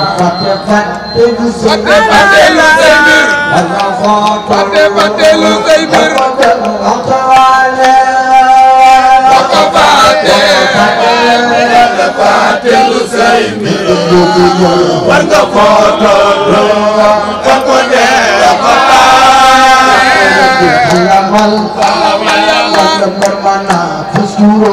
Fate fate lu say mbir fate lu say mbir fate fate lu say mbir waka fate fate lu say mbir war nga footolo ka ko dee xalamal xalamal la man la man mana fusturo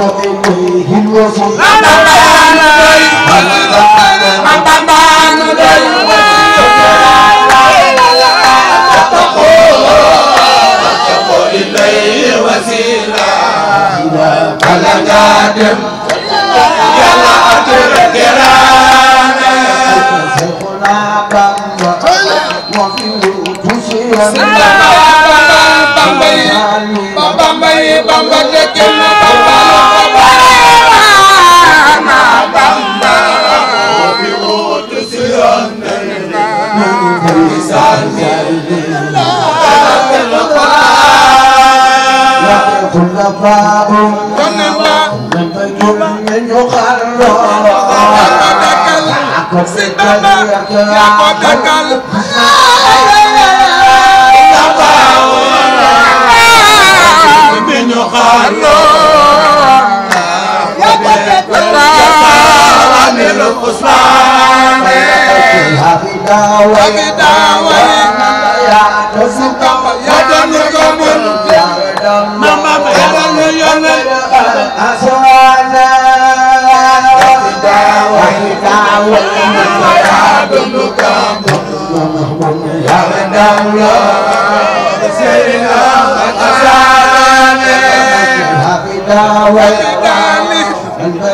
من ديه الوصول من بابان ديه إليه وسيلة على قادم يلا أترك رانا سيخنا بابا وفيه تسير سيخنا بابا bamba yi bamba te kenn bamba ma bamba fi wut si yoon Sit down, داوي داوي يا تسوك يا دم يقبل يا دم ماما يا دم يقبل أسوانا داوي داوي يا دم يقبل يا دم يقبل أسوانا داوي داوي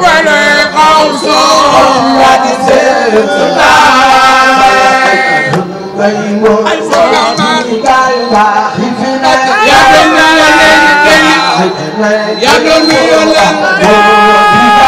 Bueno, also what is it tonight? They will not be dying.